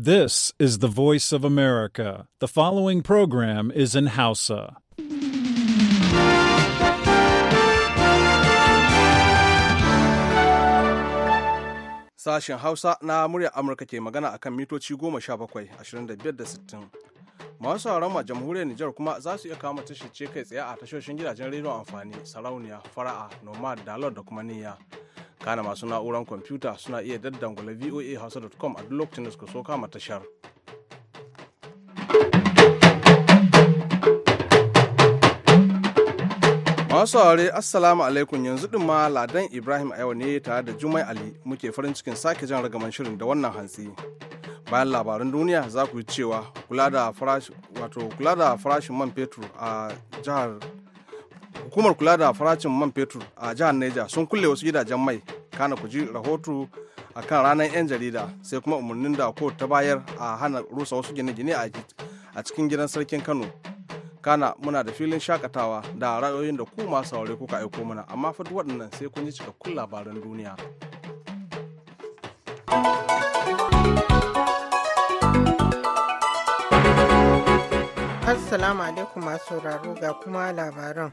This is the voice of America. The following program is in Hausa. Sashen Hausa na muryar Amurka ke magana akan mitoci goma sha bakwai, ashirin da biyar da sittin. masu haram a jamhuriyar Nijar kuma za su iya kama tashar ce kai tsaye a tashoshin gidajen rediyon amfani sarauniya fara'a nomad dalar da kuma niyya kana masu na'uran kwamfuta suna iya daddangula voa hausa.com a duk lokacin da suka so kama tashar masu haure assalamu alaikum yanzu din ma ladan ibrahim a yau ne tare da jumai ali muke farin cikin sake jan ragaman shirin da wannan hantsi bayan labaran duniya za ku yi cewa kula da farashin man fetur a jihar hukumar kula da farashin man fetur a jihar Neja sun kulle wasu gidajen mai kana ku ji rahoto a kan ranar 'yan jarida sai kuma umarnin da ko ta bayar a hana rusa wasu gine-gine a cikin gidan sarkin Kano. Kana muna da filin shakatawa da ra'ayoyin da ku masu saurare kuka aiko mana amma fa waɗannan sai kun ji cikakkun labaran duniya. Assalamu alaikum masu sauraro ga kuma labaran.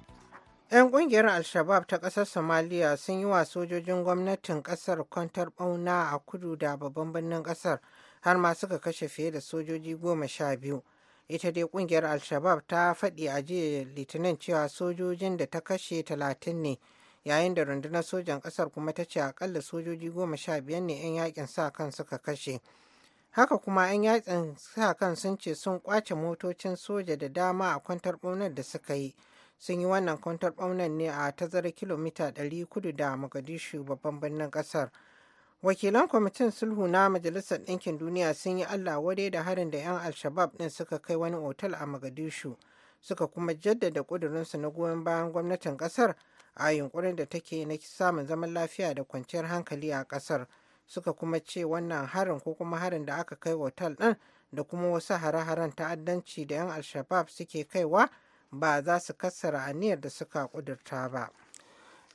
'Yan kungiyar al shabab ta ƙasar Somalia sun yi wa sojojin gwamnatin ƙasar kwantar ɓauna a kudu da babban birnin ƙasar har ma suka kashe fiye da sojoji goma sha biyu. Ita dai kungiyar al shabab ta faɗi a jiya Litinin cewa sojojin da ta kashe talatin ne yayin da rundunar sojan ƙasar kuma ta ce akalla sojoji goma sha biyar ne 'yan yakin sa kan suka kashe. haka kuma an yatsin sa kan sun ce sun kwace motocin soja da dama a kwantar ɓaunar da suka yi sun yi wannan kwantar ɓaunar ne a tazarar kilomita 100 kudu da mogadishu babban birnin ƙasar wakilan kwamitin sulhu na majalisar ɗinkin duniya sun yi allah wadai da harin da 'yan alshabab ɗin suka kai wani otal a mogadishu suka kuma jaddada ƙudurinsu na goyon bayan gwamnatin ƙasar a yunkurin da take na samun zaman lafiya da kwanciyar hankali a ƙasar. suka kuma ce wannan harin ko kuma harin da aka kai otal ɗin da kuma wasu hare-haren ta'addanci da 'yan alshabab suke kaiwa ba za su kassara aniyar da suka kudurta ba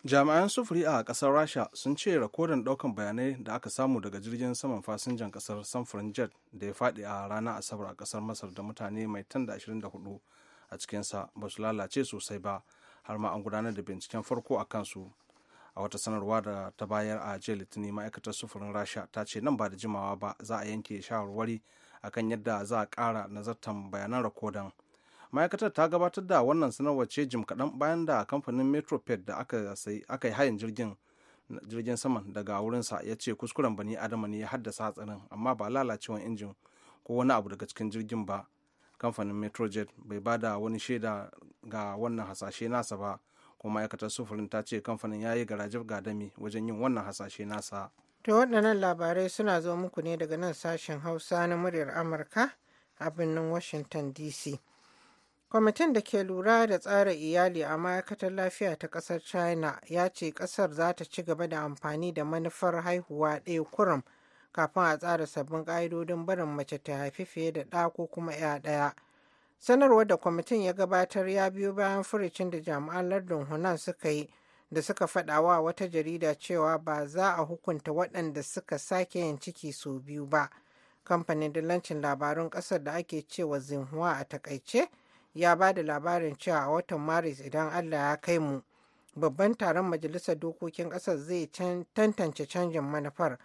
jami'an sufuri a ƙasar rasha sun ce rakodin ɗaukan bayanai da aka samu daga jirgin saman fasinjan ƙasar samfurin jet da ya faɗi a ranar asabar a ƙasar masar da mutane mai tan da 24 a cikinsa ba su lalace sosai ba har ma an gudanar da binciken farko a kansu a wata sanarwa da ta bayar a jiya litinin ma'aikatar sufurin rasha ta ce nan ba da jimawa ba za a yanke shawarwari a kan yadda za a kara nazartan bayanan rakodan ma'aikatar ta gabatar da wannan sanarwar ce jim kaɗan bayan da kamfanin metroped da aka yi hayan jirgin jirgin saman daga wurinsa ya ce kuskuren bani adama ne ya haddasa hatsarin amma ba lalacewar injin ko wani abu daga cikin jirgin ba kamfanin metrojet bai ba da wani shaida ga wannan hasashe nasa ba kuma ma'aikatar sufurin ta ce kamfanin ya yi garaje gadami wajen yin wannan hasashe nasa to waɗannan labarai suna zo muku ne daga nan sashen hausa na muryar amurka a birnin washington dc kwamitin da ke lura da tsara iyali a ma'aikatar lafiya ta ƙasar china ya ce ƙasar za ta ci gaba da amfani da manufar haihuwa ɗaya kurum kafin a tsara sabbin ƙa'idodin barin mace ta haifi fiye da ɗa ko kuma 'ya ɗaya sanarwar da kwamitin ya gabatar ya biyo bayan furucin da jami'an lardin hunan suka yi da suka faɗawa wata jarida cewa ba za a hukunta waɗanda suka sake yin ciki sau biyu ba kamfanin dillancin labarun ƙasar da ake cewa zinhua a takaice ya ba da labarin cewa a watan maris idan allah ya kai mu babban taron majalisar dokokin ƙasar zai tantance canjin manufar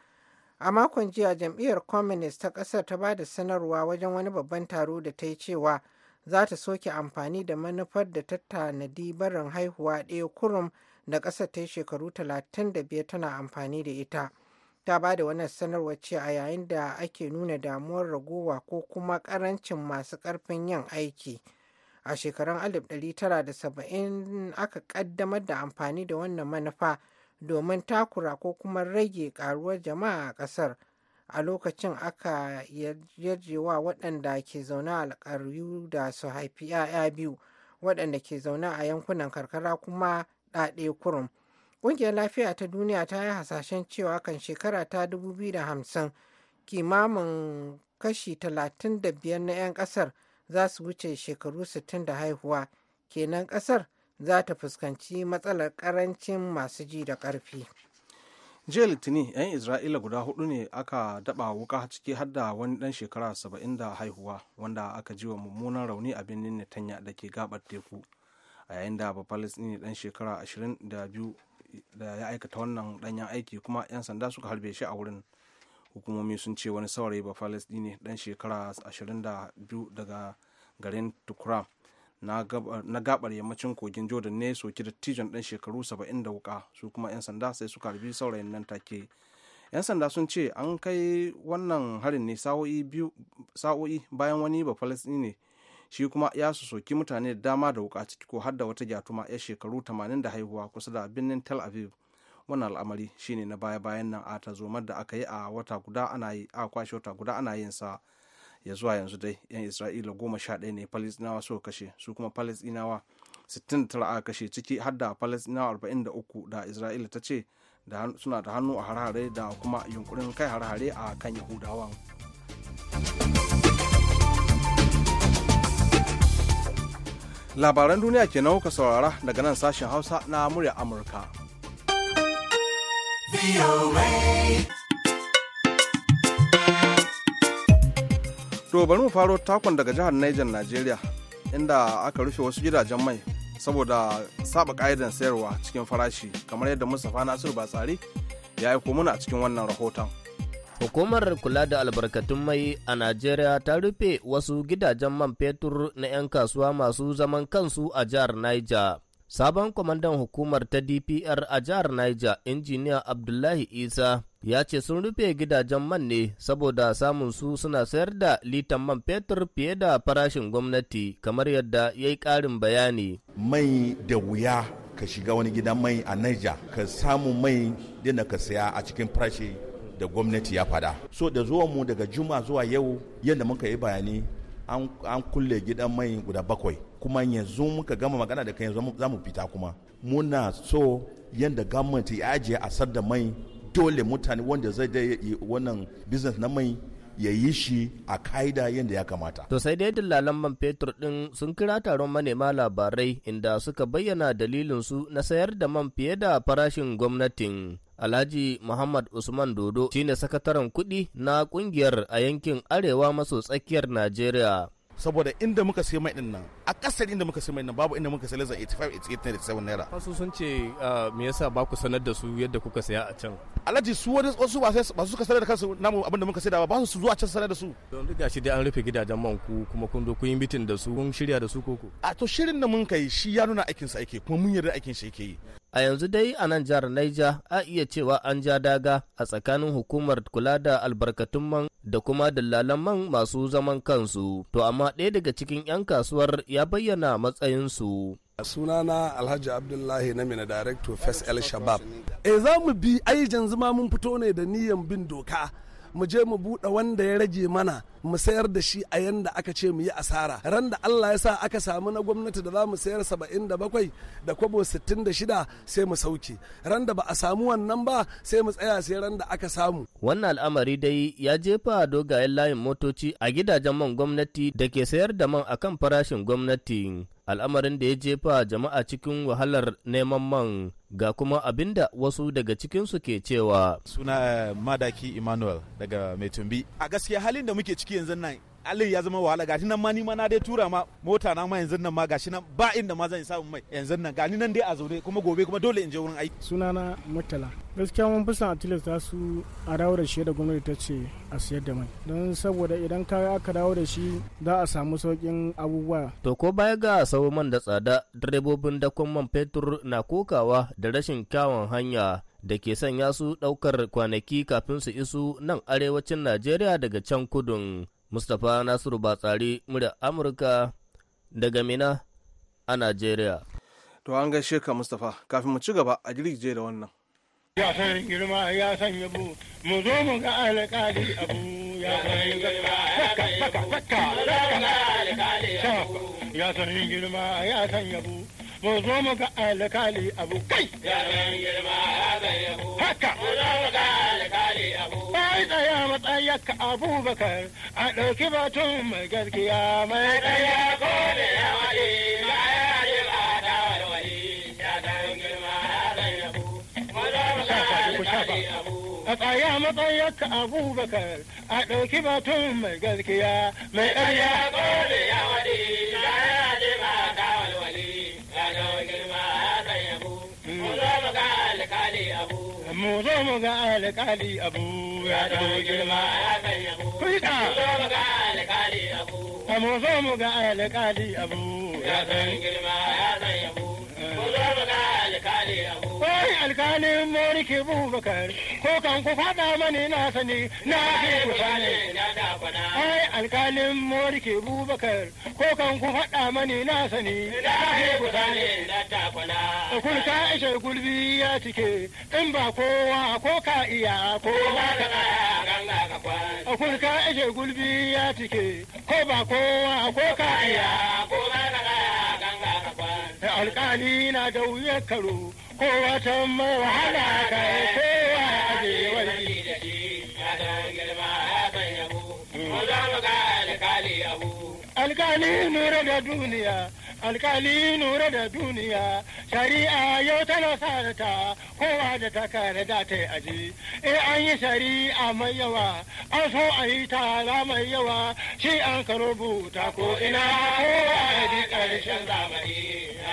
a makon jiya jam'iyyar communist ta ƙasar ta ba da sanarwa wajen wani babban taro da ta yi cewa za ta soke amfani da manufar da ta tanadi barin haihuwa ɗaya kurum da ƙasar ta yi shekaru 35 tana amfani da ita. ta ba da wannan sanarwar ce a yayin da ake nuna damuwar ragowa ko kuma ƙarancin masu ƙarfin yin aiki a shekarun 1970 aka ƙaddamar da amfani da wannan manufa domin takura ko kuma rage ƙaruwar jama'a a ƙasar. a lokacin aka yarjewa waɗanda ke zaune a alƙaryu da su haifi 'ya'ya biyu waɗanda ke zaune a yankunan karkara kuma ɗaɗe kurum ƙungiyar lafiya ta duniya ta yi hasashen cewa kan shekara ta 2050 kimamin kashi 35 na 'yan ƙasar za su wuce shekaru 60 da haihuwa kenan ƙasar za ta fuskanci matsalar ƙarancin masu ji da ƙarfi. jiya litinin 'yan isra'ila guda hudu ne aka daba wuka ciki har da wani dan shekara saba'in da haihuwa wanda aka ji wa mummunan rauni a birnin netanya da ke gabar teku a yayin da ne dan shekara ashirin da ya aikata wannan danyen aiki kuma 'yan sanda suka harbe shi a wurin hukumomi sun ce wani saurayi ne dan shekara ashirin daga garin tukuram na gabar yammacin kogin jordan ne soki dattijon ɗan shekaru 70 da wuka su kuma 'yan sanda sai suka harbi saurayin nan take 'yan sanda sun ce an kai wannan harin ne sa'o'i bayan wani ba ne shi kuma ya su soki mutane da dama da wuka ciki ko har da wata gyatuma 'yar shekaru 80 da haihuwa kusa da birnin tel aviv wannan al'amari shine na baya-bayan nan a tazomar da aka yi a wata guda ana yi a kwashe wata guda ana yin sa ya zuwa yanzu dai yan isra'ila goma sha ɗaya ne palestinawa suka kashe su kuma palestinawa 69 aka kashe ciki har da palestinawa 43 da isra'ila ta ce suna da hannu a harhare da kuma yunkurin kai harhare a kan yahudawan labaran duniya ke kuka saurara daga nan sashen hausa na murya amurka to bari mu faro takon daga jihar Niger Najeriya inda aka rufe wasu gidajen mai saboda saba ka'idan sayarwa cikin farashi kamar yadda Mustapha Nasiru Batsari ya aiko mana a cikin wannan rahoton. Hukumar kula da albarkatun mai a Najeriya ta rufe wasu gidajen man fetur na 'yan kasuwa masu zaman kansu a jihar Niger. Sabon kwamandan hukumar ta DPR a jihar Niger, injiniya Abdullahi Isa, ya ce sun rufe gidajen man ne saboda samun su suna sayar da litan man fetur fiye da farashin gwamnati kamar yadda ya yi ƙarin bayani. Mai da wuya ka shiga wani gidan mai a naija ka samu mai dina ka saya a cikin farashi da gwamnati ya fada. So da zuwa mu daga juma zuwa yau yadda muka yi bayani an kulle gidan mai guda bakwai kuma yanzu muka gama magana da kai yanzu za mu fita kuma muna so yadda gwamnati ya ajiye asar da mai dole mutane wanda zai da wannan business na mai ya yi shi a kaida yadda ya kamata. To sai dai dillalan man fetur din sun kira taron manema labarai inda suka bayyana dalilin su na sayar da man fiye da farashin gwamnatin. Alhaji Muhammad Usman Dodo shine sakataren kuɗi na kungiyar a yankin Arewa maso tsakiyar Najeriya. Saboda inda muka sai mai A akasari inda muka sami mai nan babu inda muka sai lazar 85 87 naira wasu sun ce ah, me yasa ba ku sanar da su yadda kuka saya a can alhaji su wani wasu ba su suka sanar da kansu namu abin da muka sai da ba su zuwa can sanar da su don duk gashi dai an rufe gidajen man ku kuma kun zo kun yi mitin da su kun shirya da su koko a to shirin da mun kai shi ya nuna aikin sa yake kuma mun yarda aikin shi yake yi a yanzu dai a nan jihar Niger a iya cewa an ja daga a tsakanin hukumar kula da albarkatun man da kuma dillalan man masu zaman kansu to amma ɗaya daga cikin 'yan kasuwar ya bayyana matsayinsu. a sunana alhaji abdullahi na mina director first el shabab e za mu bi ai yanzu ma mun fito ne da niyan bin doka mu je mu buɗe wanda ya rage mana mu sayar da shi a yanda aka ce mu yi asara ran da Allah ya sa aka samu na gwamnati da za mu sayar 77 da kwabo 66 sai mu sauke ran da ba a samu wannan ba sai mu tsaya sai ran da aka samu wannan al'amari dai ya jefa dogayen layin motoci a gidajen man gwamnati da ke sayar da man akan farashin gwamnati al'amarin da ya jefa jama'a cikin wahalar neman man ga kuma abin da wasu daga cikinsu ke cewa suna eh, madaki emmanuel daga mai tumbi a gaskiya halin da muke ciki yanzu nan Allah ya zama wahala gashi nan ma ni ma na dai tura ma mota na ma yanzu nan ma gashi nan ba inda ma zan samu mai yanzu nan gani nan dai a zaune kuma gobe kuma dole in je wurin aiki sunana murtala gaskiya mun fi son a tilasta su a dawo da shi da gwamnati ta ce a siyar da mai don saboda idan ka aka dawo da shi za a samu saukin abubuwa to ko baya ga sau man da tsada direbobin dakon man fetur na kokawa da rashin kyawun hanya da ke sanya su ɗaukar kwanaki kafin su isu nan arewacin najeriya daga can kudun Mustapha Nasiru Batsari murya Amurka daga Mina a Najeriya. To an gaishe ka Mustapha kafin mu ci gaba a girgije da wannan. Ya san girma ya san yabo mu zo mu ga alƙali abu ya san girma ya san abu. ya san girma ya san yabo mu zo mu ga alƙali abu kai ya san girma ya san yabo haka mu zo mu ga alƙali abu Mai tsaya matsayaka a ɗauki batun mai gaskiya mai tsaya ko da A tsaya matsayaka abubakar a ɗauki batun mai gaskiya mai ɗarya ko da ya waɗe ba ta ya ya abu. mu zo mu ga alƙali abu ya ɗau girma ya kai yabo. Kuita. Mu mu zo mu ga alƙali abu ya girma ya Wai ke buhu Bubakar, ko kan ku faɗa mani na sani na fi ku sani. Wai ke buhu Bubakar, ko kan ku faɗa mani na sani na ke ku sani na tafana. Kulka ishe gulbi ya cike, in ba kowa ko ka iya ko ba ka kaya ka Kulka ishe gulbi ya cike, ko ba kowa ko ka iya ko ba ka alkali na da wuya karo ko wata mawahala ka yi kowa a wani yi da shi ya ta girma ya sanya ku ko za mu ga alkali abu alkali nura da duniya alkali nura da duniya shari'a yau tana ta kowa da ta kare da ta aji e an yi shari'a mai yawa an so a yi tara mai yawa shi an ka rubuta ko ina ko a yi karshen zamani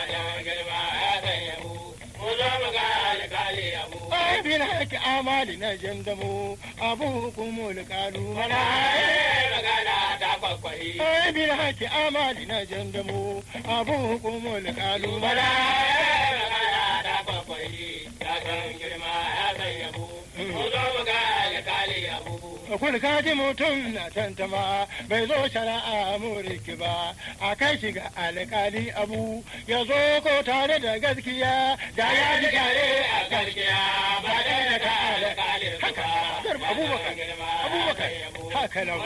ya girma ya zai ko zo mu ga alkali abu min haka amali na jan damo abu hukumu da kalu mana eh, magana ta kwakwai min eh, haka amali na jan damo abu hukumu da kalu mana eh, magana ta kwakwai ya san girma ya san yabo ko zo ga ya kale ka ji mutum na tantama bai zo shara'a muriki ba a kai shi ga alƙali abu ya zo ko tare da gaskiya da ya ji tare a gaskiya ba da na ka alkali haka garba abubakar abubakar haka na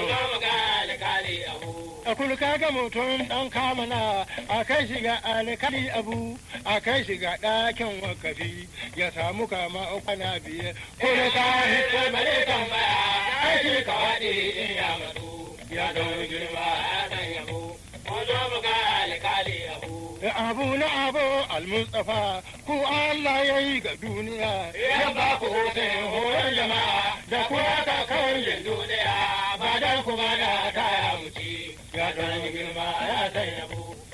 go a kurka ga mutum dan kamana a kai shi ga alƙali abu a kai shi ga ɗakin wakafi ya samu kama kwana biyar kurka hito mare tambaya aiki ka haɗe in ya matsu ya don girma dan yabo wajen buga alkali abu. Da abu na abu almustafa ku Allah ya yi ga duniya. Ya ba ku hutun horon jama'a da kuma ka kaurin duniya ba dan kuma da ta ya mutu ya don girma ya san yabo.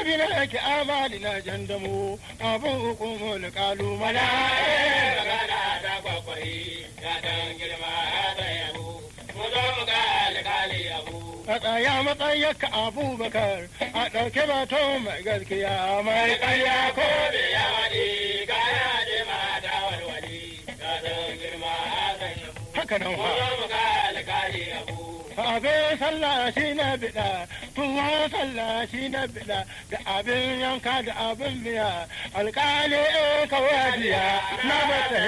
Abina yake amali na jandamu abin hukumu da kalu mana. ya abu. a tsaya matsayarka abubakar a ɗauke bato mai gaskiya mai ƙarya ko ya waɗi kaya ce mata walwali ta zan girma a kan Haka nan ha. Ko mu ga alƙali abu. abin sallah shi na biɗa tuwon sallah shi na biɗa da abin yanka da abin miya alƙali kawai kawadiya na bata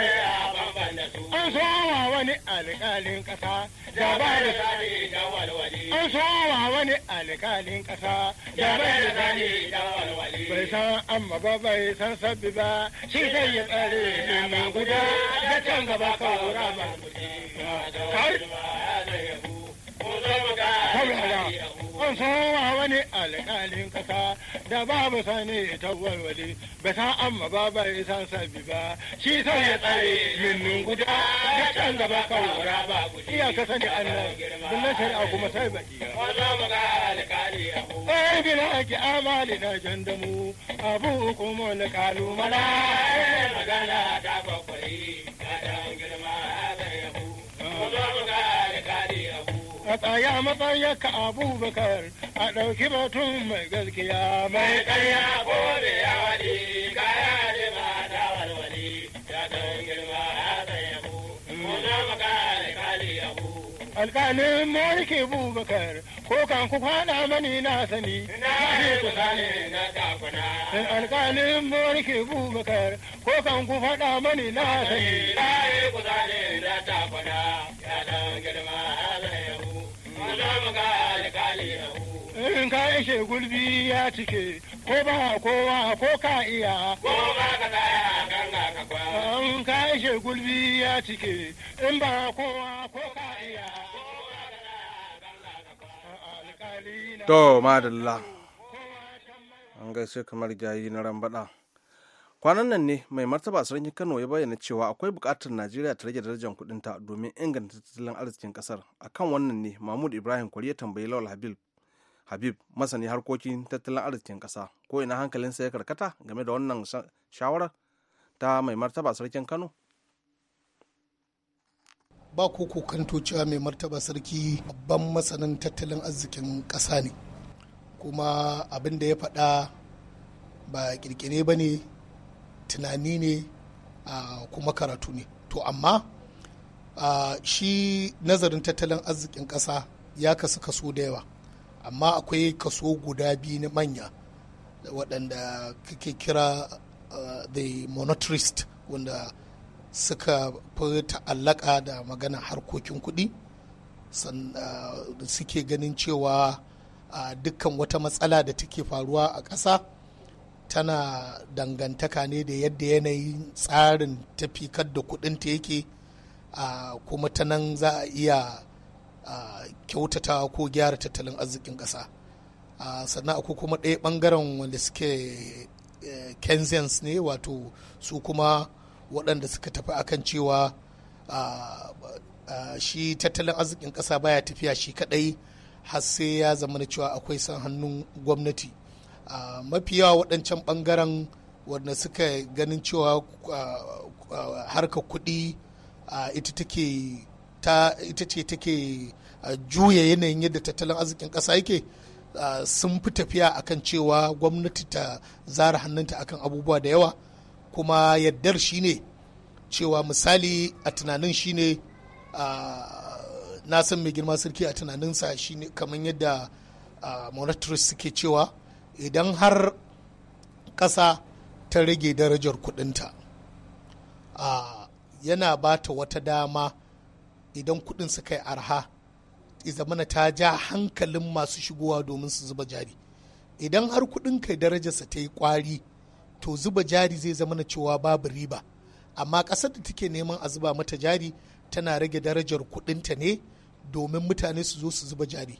an sowa wani alƙalin ƙasa da ba da an sowa wani alƙalin ƙasa da ba da bai san amma ba bai san sabbi ba shi zai yi tsare neman guda da can gaba kawo ramar kar Sowa wani alƙalin ƙasa da babu sani ta walwali ba san amma ba bai san sabi ba shi sai ya tsare minnin guda da can gaba kawara ba iya ka sani Allah billan shari'a kuma sai ba baki ai eh, bila ki amali na jandamu abu kuma na kalu mala eh, magana ta bakwai ka dan girma da yabo ka tsaya matsayin ka abubakar a ɗauki batun mai gaskiya mai ɗaya ko da ya wani kaya ne ba da walwali ya ɗan girma ya tsaye ku mu na maka alƙali yahu alƙalin mulki bakar ko kan ku faɗa mani na sani na ne ku sani na takuna alƙalin mulki bakar ko kan ku faɗa mani na sani na ne ku sani na takuna ya ɗan girma ya tsaye in ka ishe gulbi ya cike ko ba kowa ko ka iya ko ba ka tsaya kan ka kwa in ka ishe gulbi ya cike in ba kowa ko ka iya to madalla an gaishe kamar jayi na rambaɗa kwanan nan ne mai martaba sarkin kano ya bayyana cewa akwai bukatar najeriya ta rage darajar kudinta domin inganta tattalin arzikin kasar akan wannan ne mahmud ibrahim kwari ya tambayi lawal habib habib masani harkokin tattalin arzikin kasa ko ina hankalinsa ya karkata game da wannan shawarar ta mai martaba sarkin kano ba ko kokanto cewa mai martaba sarki babban masanin tattalin arzikin kasa ne kuma abin da ya faɗa ba kirkire ba ne tunani ne kuma karatu ne to amma shi nazarin tattalin arzikin ƙasa ya kasu kaso da yawa amma akwai kaso guda biyu na manya waɗanda kake kira the monotrist wanda suka fi ta'allaka da magana harkokin kuɗi suke ganin cewa dukkan wata matsala da take faruwa a ƙasa tana dangantaka ne da yadda yanayin tsarin tafikar da kudinta yake a kuma ta nan za a iya kyautatawa ko gyara tattalin arzikin ƙasa sannan akwai kuma ɗaya ɓangaren wanda suke e, keynesians ne wato su kuma waɗanda suka tafi akan cewa shi tattalin arzikin ƙasa baya tafiya shi kaɗai har sai ya zama cewa akwai son hannun gwamnati mafi yawa waɗancan ɓangaren wanda suka ganin cewa harka kuɗi ita take ta ce take juya yanayin yadda tattalin arzikin ƙasa yake sun fi tafiya akan cewa gwamnati ta zara hannunta akan abubuwa da yawa kuma yaddar shi ne cewa misali a tunanin shi ne na san mai girma sarki a tunaninsa ne kamar yadda monitors suke cewa idan har ƙasa ta rage darajar kudinta a yana ba ta wata dama idan kudin suka yi arha izamana ta ja hankalin masu shigowa domin su zuba jari idan har kudin kai darajarsa ta yi kwari to zuba jari zai zama na cewa babu riba amma ƙasar da take neman a zuba mata jari tana rage darajar kudinta ne domin mutane su zo su zuba jari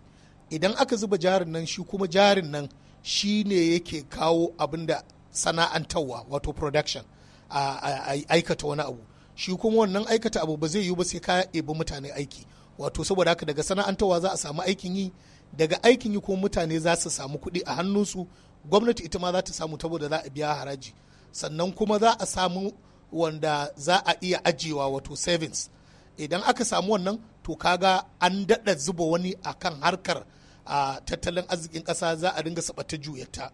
idan aka zuba jarin nan shi kuma jarin nan shi ne yake kawo abin da sana'antarwa wato production a aikata wani abu shi kuma wannan aikata abu ba zai yiwu ba sai ka ebi mutane aiki wato saboda haka daga sana'antarwa za a samu aikin yi daga aikin yi kuma mutane za su samu kuɗi a hannunsu gwamnati ita ma za ta samu saboda za a biya haraji sannan kuma za a samu wanda za a iya ajiyewa wato savings idan aka samu wannan to kaga an daɗa zuba wani akan harkar a tattalin arzikin ƙasa za a dinga ta juyarta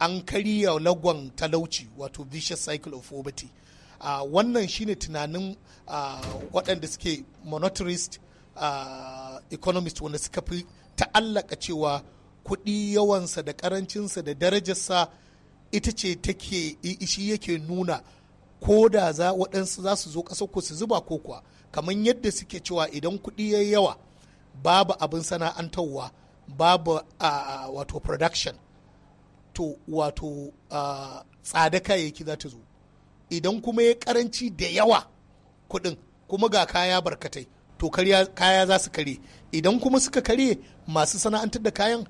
an karya lagon talauci wato vicious cycle of poverty wannan shine tunanin uh, waɗanda suke monetarist uh, economist wanda suka fi ta'allaka cewa kuɗi yawansa da ƙarancinsa da darajarsa ita ce take shi yake nuna ko da za waɗansu za su zo ƙasar ko su zuba ko kuwa kamar yadda suke cewa idan kuɗi ya yawa babu abin sana'antarwa babu uh, wato production to wato tsada kayayyaki za ta zo idan kuma ya karanci da yawa kuɗin kuma ga kaya barkatai to kaya za su kare idan kuma suka kare masu sana'antar da kayan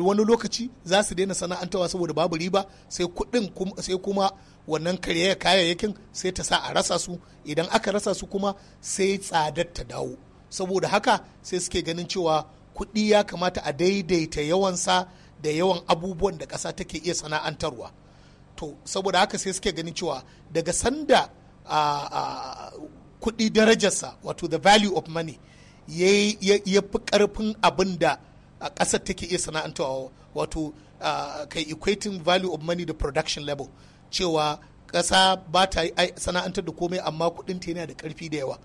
wani lokaci za su daina sana'antarwa saboda babu riba sai kuɗin sai kuma wannan karye kayayyakin sai ta sa a rasa su idan aka rasa su kuma sai tsadar ta dawo saboda haka sai suke ganin cewa kuɗi ya kamata a daidaita yawansa da yawan abubuwan da ƙasa take iya sana'antarwa to saboda haka sai suke ganin cewa daga sanda kuɗi darajarsa wato the value of money ya fi ƙarfin abin da ƙasar take iya sana'antarwa wato kai equating value of money da production level cewa ƙasa ba ta sana'antar da komai amma kuɗin ta yana da ƙarfi da yawa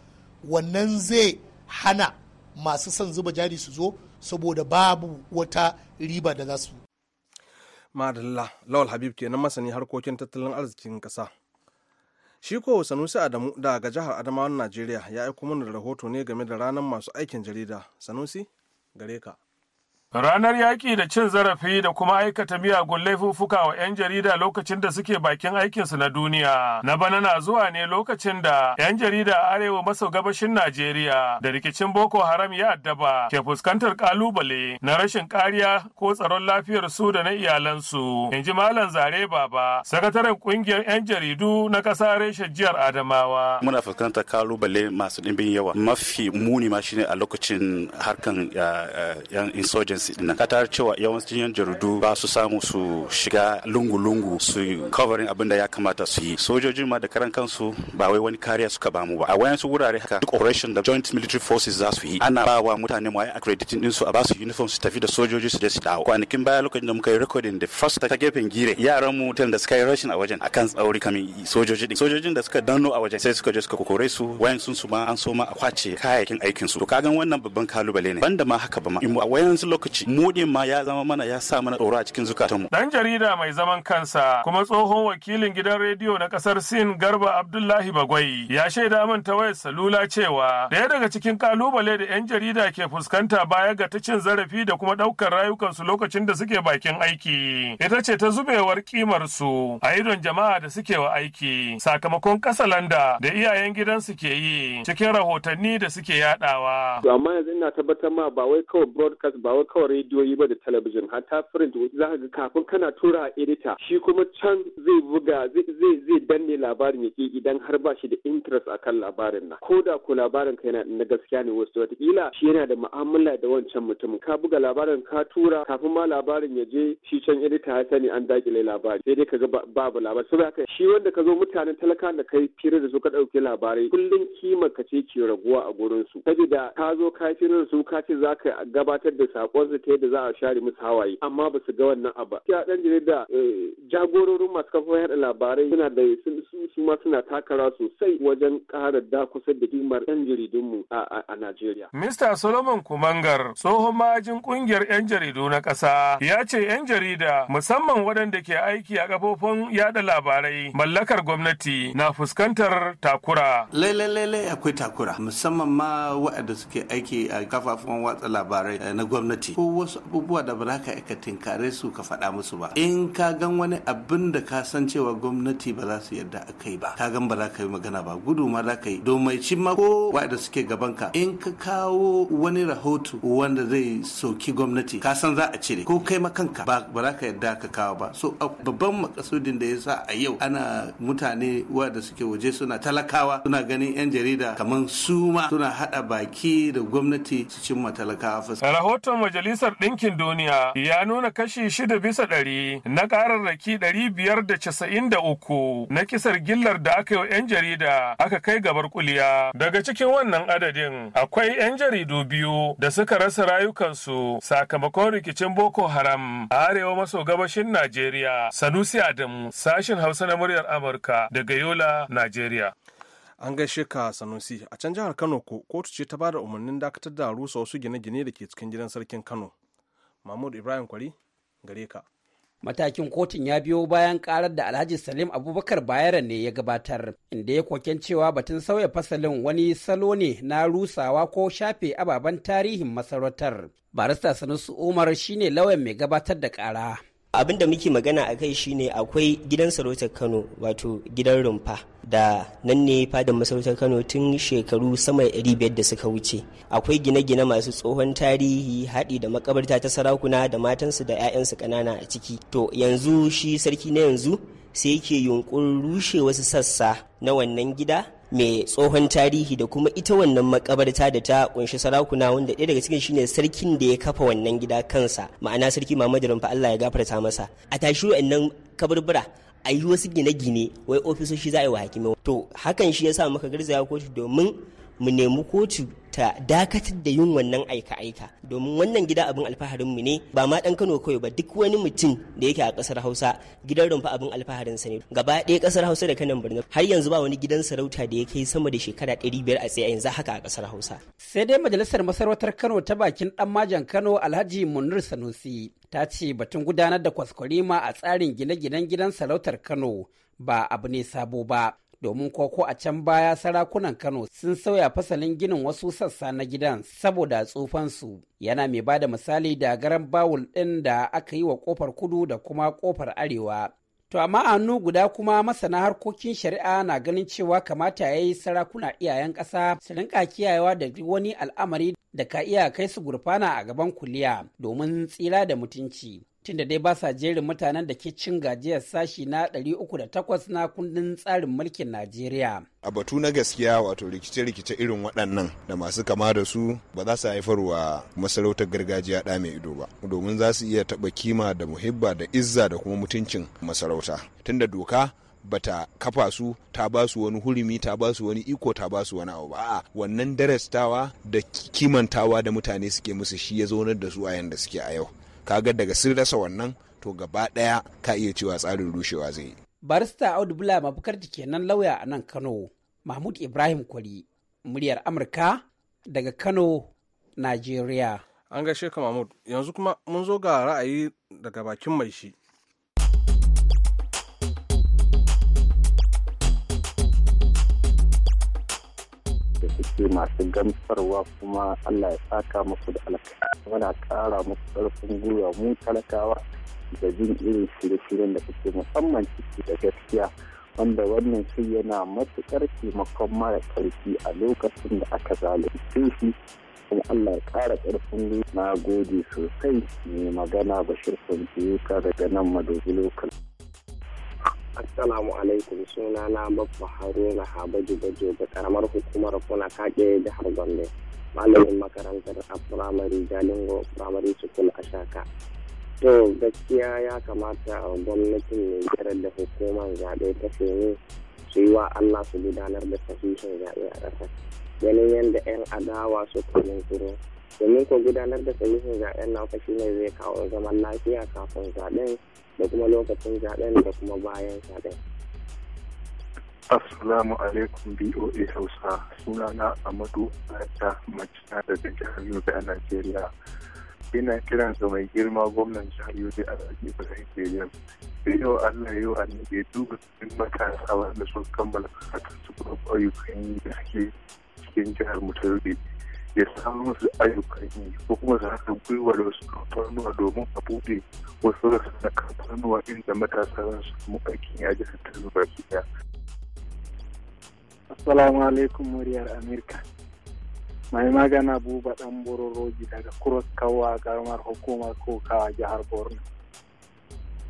wannan zai hana masu son zuba jari su zo saboda babu wata riba da za su madalla lawal habib kenan masani harkokin tattalin arzikin kasa shi ko sanusi adamu daga jihar adamawan najeriya ya aiko mana da rahoto ne game da ranar masu aikin jarida sanusi gare ka Ranar yaƙi da cin zarafi da kuma aikata miyagun laifuffuka wa 'yan jarida lokacin da suke bakin aikinsu na duniya. Na bana na zuwa ne lokacin da 'yan jarida a arewa maso gabashin Najeriya da rikicin Boko Haram ya addaba ke fuskantar kalubale na rashin kariya ko tsaron lafiyar su da na iyalansu. In ji Malam Zare Baba, sakataren ƙungiyar 'yan jaridu na ƙasa reshen jihar Adamawa. Muna fuskantar kalubale masu ɗimbin yawa. Mafi muni ma shine a lokacin harkan 'yan insurgens. agency din ka tarar cewa yawancin jaridu ba su samu su shiga lungu-lungu su covering abin da ya kamata su yi sojojin ma da karan kansu ba wai wani kariya suka ba mu ba a wayansu wurare haka duk operation da joint military forces za su yi ana ba wa mutane mu ayi accrediting din su a ba su uniform su tafi da sojoji su je su dawo kwanakin baya lokacin da muka yi recording da first ta gefen gire yaran mu da suka yi rashin a wajen akan tsauri kamin sojoji din sojojin da suka danno a wajen sai suka je suka kokore su wayansu su ma an so ma a kwace kayayyakin aikin su to kagan wannan babban kalubale ne banda ma haka ba ma in wayansu lokacin lokaci mu ma ya zama mana ya sa mana tsoro a cikin zukatanmu dan jarida mai zaman kansa kuma tsohon wakilin gidan rediyo na kasar Sin Garba Abdullahi Bagwai ya shaida min ta wayar salula cewa daya daga cikin kalubale da yan jarida ke fuskanta baya ga ta cin zarafi da kuma daukar rayukansu lokacin da suke bakin aiki ita ce ta zubewar kimar su a idon jama'a da suke wa aiki sakamakon kasalanda da iyayen gidansu ke yi cikin rahotanni da suke yadawa amma yanzu ina tabbatar ma ba wai kawai broadcast ba wai kawai rediyoyi ba da talabijin ta print za ka ga kafin kana tura edita shi kuma can zai buga zai zai danne labarin yake idan har ba shi da interest akan labarin na ko da ko labarin ka yana na gaskiya ne wasu watakila shi yana da mu'amala da wancan mutumin ka buga labarin ka tura kafin ma labarin ya je shi can edita ya sani an dakile labari sai dai ka ga babu labari saboda haka shi wanda ka zo mutanen talaka da kai fira da su ka ɗauki labarai kullum kima ka ce ke raguwa a gurin su saboda ka zo ka fira da su ka ce za ka gabatar da sakon ta yadda za a share musu hawaye amma ba su ga wannan abu ya dan jarida eh, jagororin masu kafofin yaɗa labarai suna da su ma suna takara sosai wajen ƙara kusa da kimar yan jaridunmu a Najeriya. Mr. Solomon Kumangar tsohon ma'ajin ƙungiyar 'yan jaridu na ƙasa ya ce 'yan jarida musamman waɗanda ke aiki a kafofin yaɗa labarai mallakar gwamnati na fuskantar takura. lele akwai takura musamman ma waɗanda suke aiki a kafafen watsa labarai eh, na gwamnati. Ko wasu abubuwa da ba za ka aika tinkare su ka faɗa musu ba in ka gan wani abin da ka san cewa gwamnati ba za su yarda a kai ba ka gan ba za ka yi magana ba gudu ma za ka yi domaici ma ko waɗanda suke gaban ka in ka kawo wani rahoto wanda zai soki gwamnati ka san za a cire ko kai ma kanka ba za ka yarda ka kawo ba so babban makasudin da ya sa a yau ana mutane waɗanda suke waje suna talakawa suna ganin yan jarida kamar su ma suna haɗa baki da gwamnati su cimma talakawa rahoton Majalisa. Majalisar Ɗinkin Duniya ya nuna kashi shida bisa ɗari na ƙararraki ɗari biyar da casa'in da uku na kisar gillar da aka yi wa 'yan jarida aka kai gabar kuliya. Daga cikin wannan adadin akwai 'yan jaridu biyu da suka rasa rayukansu sakamakon rikicin Boko Haram a arewa maso gabashin Najeriya. Sanusi Adamu, sashin Hausa na muryar Amurka daga Yola, Najeriya. an gaishe ka sanusi a can jihar kano ko kotu ce ta bada umarnin dakatar da rusa wasu gine-gine da ke cikin gidan sarkin kano mahmud ibrahim kwari gare ka matakin kotun ya biyo bayan karar da alhaji salim abubakar bayaran ne ya gabatar inda ya koken cewa batun sauya fasalin wani salo ne na rusawa ko shafe ababen tarihin masarautar barista sanusi umar shine lauyan mai gabatar da kara abin da muke magana a kai shine akwai gidan sarautar kano wato gidan rumfa da nan ne fadar masarautar kano tun shekaru sama da biyar da suka wuce akwai gine-gine masu tsohon tarihi haɗi da makabarta ta sarakuna da matansu da 'ya'yansu ƙanana a ciki to yanzu shi sarki na yanzu sai yake yunkur rushe wasu sassa na wannan gida mai tsohon tarihi da kuma ita wannan makabarta da ta kunshi sarakuna wanda ɗaya daga cikin shine sarkin da ya kafa wannan gida kansa ma'ana sarki Muhammadu Rumfa Allah ya gafarta masa a tashi wa'annan kaburbura a yi wasu gine-gine wai ofisoshi za a yi wa hakimai to hakan shi ya sa muka garzaya kotu domin mu nemi kotu ta dakatar da yin wannan aika-aika domin wannan gida abin alfaharinmu ne ba ma ɗan kano kawai ba duk wani mutum da yake a ƙasar hausa gidan rumfa abin alfaharin sa ne gaba ɗaya ƙasar hausa da kanan birnin har yanzu ba wani gidan sarauta da ya kai sama da shekara ɗari biyar a tsaye yanzu haka a ƙasar hausa. sai dai majalisar masarautar kano ta bakin ɗan majan kano alhaji munir sanusi ta ce batun gudanar da kwaskwarima a tsarin gine-ginen gidan sarautar kano ba abu ne sabo ba domin koko a can baya sarakunan Kano sun sauya fasalin ginin wasu sassa na gidan saboda tsufansu. Yana mai ba da misali da garan bawul ɗin da aka yi wa ƙofar kudu da kuma ƙofar arewa. To amma hannu guda kuma masana harkokin shari'a na ganin cewa kamata ya yi sarakuna iyayen ƙasa su rinka kiyayewa da wani al'amari da ka iya kai su gurfana a gaban kuliya domin tsira da mutunci. tunda dai ba sa jerin mutanen da ke cin gajiyar sashi na 308 na kundin tsarin mulkin Najeriya. A batu na gaskiya wato rikice-rikice irin waɗannan da masu kama da su ba za su haifarwa masarautar gargajiya ɗa mai ido ba, domin za su iya taɓa kima da muhibba da izza da kuma mutuncin masarauta. Tunda doka bata kafa su ta ba su wani hurumi ta ba su wani iko ta ba su wani abu ba a'a wannan darastawa da kimantawa da mutane suke musu shi ya zaunar da su a yanda suke a yau kaga daga sun rasa wannan to gaba ɗaya ka iya cewa tsarin rushewa zai yi. barista audu bula mafukar kenan lauya a nan kano mahmud ibrahim kwari muryar amurka daga kano nigeria an gaishe ka mahmud yanzu kuma mun zo ga ra'ayi daga bakin mai shi da suke masu gamsarwa kuma Allah ya saka musu da alkai muna ƙara musu ƙarfin gwiwa mu talakawa da jin irin shirye-shiryen da suke musamman ciki da gaskiya wanda wannan shi yana matuƙar taimakon mara ƙarfi a lokacin da aka zalunce shi kuma Allah ya ƙara ƙarfin na gode sosai mai magana bashir ka daga nan madobi lokacin. Assalamu alaikum suna na babba Haruna Habaji Bajo da karamar hukumar Kuna Kake jihar Gombe. Malamin makarantar a firamare Jalingo Primary School a Shaka. To gaskiya ya kamata a gwamnatin gyara da hukumar zaɓe ta Femi su yi wa Allah su gudanar da sahihin zaɓe a ƙasa Ganin yadda 'yan adawa su kalin domin ko gudanar da sahihin zaben nan fashi ne zai kawo zaman lafiya kafin zaben da kuma lokacin zaben da kuma bayan zaben Assalamu alaikum BOA Hausa sunana Amadu Aja Macina daga jihar Yobe a Najeriya. Ina kiran sa mai girma gwamnan jihar Yobe a Zaki Ibrahim Bello. Sai yau Allah yau annabi ya duba cikin matasa wanda sun kammala karatun su kuma ayyukan da suke cikin jihar mu ya samu musu ayyukan yi ko kuma za su gwiwa da wasu kamfanuwa domin a buɗe wasu rasa na kamfanuwa inda matasa za su kuma aikin ya ji tattalin baki ɗaya. Assalamu alaikum muryar Amerika. Mai magana buba ɗan bororoji daga Kuros Kawa karamar hukumar Kokawa jihar Borno.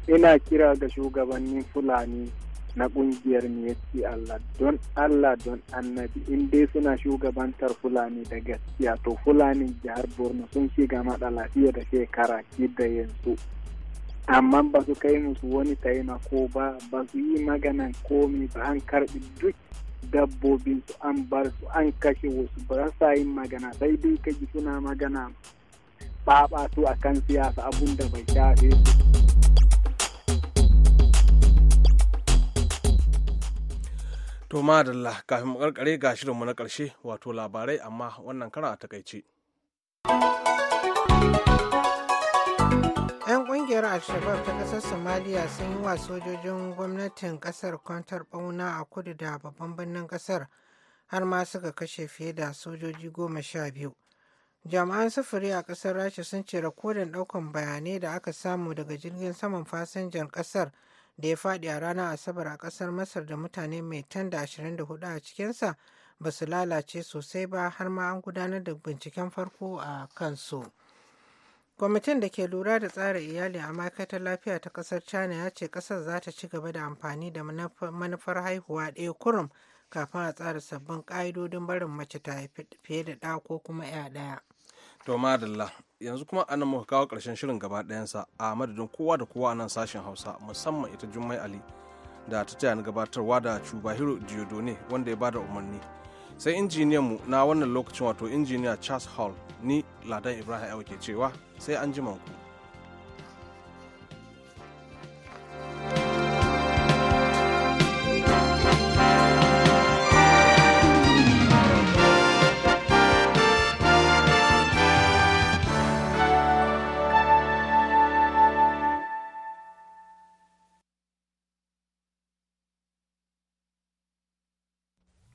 Ina kira ga shugabannin Fulani na kungiyar miyatti Allah don Allah don annabi in dai suna shugabantar Fulani da gaskiya to Fulani jihar Borno sun shiga da fiye da shekara da yanzu amma ba su kai musu wani taimako ba ba su yi maganan komi ba an karbi duk dabbobin su an bar su an kashe wasu ba sa yin magana sai dai kaji suna magana ba su kan siyasa abun da bai shafe su To madalla kafin mu karkare ga shirinmu na karshe wato labarai amma wannan kara a takaice. Yan kungiyar al shabab ta kasar Somalia sun yi wa sojojin gwamnatin kasar kwantar bauna a kudu da babban birnin kasar har ma suka kashe fiye da sojoji goma sha biyu. Jami'an sufuri a kasar Rasha sun ce rakodin daukan bayanai da aka samu daga jirgin saman fasinjan kasar. da ya faɗi a ranar asabar a ƙasar masar da mutane mai tan da ashirin da hudu a cikinsa ba su lalace sosai ba har ma an gudanar da binciken farko a kansu kwamitin da ke lura da tsara iyali a ma'aikatar lafiya ta ƙasar china ya ce ƙasar za ta ci gaba da amfani da manufar haihuwa ɗaya kurum kafin a tsara sabbin ƙa'idodin barin mace ta fiye da ɗa ko kuma 'ya ɗaya to madalla yanzu kuma anan muka kawo ƙarshen shirin gaba ɗayansa a madadin kowa da kowa nan sashen hausa musamman ita jummai ali da ta taya ni gabatarwa da cubahiro diodone wanda ya bada umarni sai injiniyan mu na wannan lokacin wato injiniya charles hall ni ladan ibrahim ke cewa sai an ku.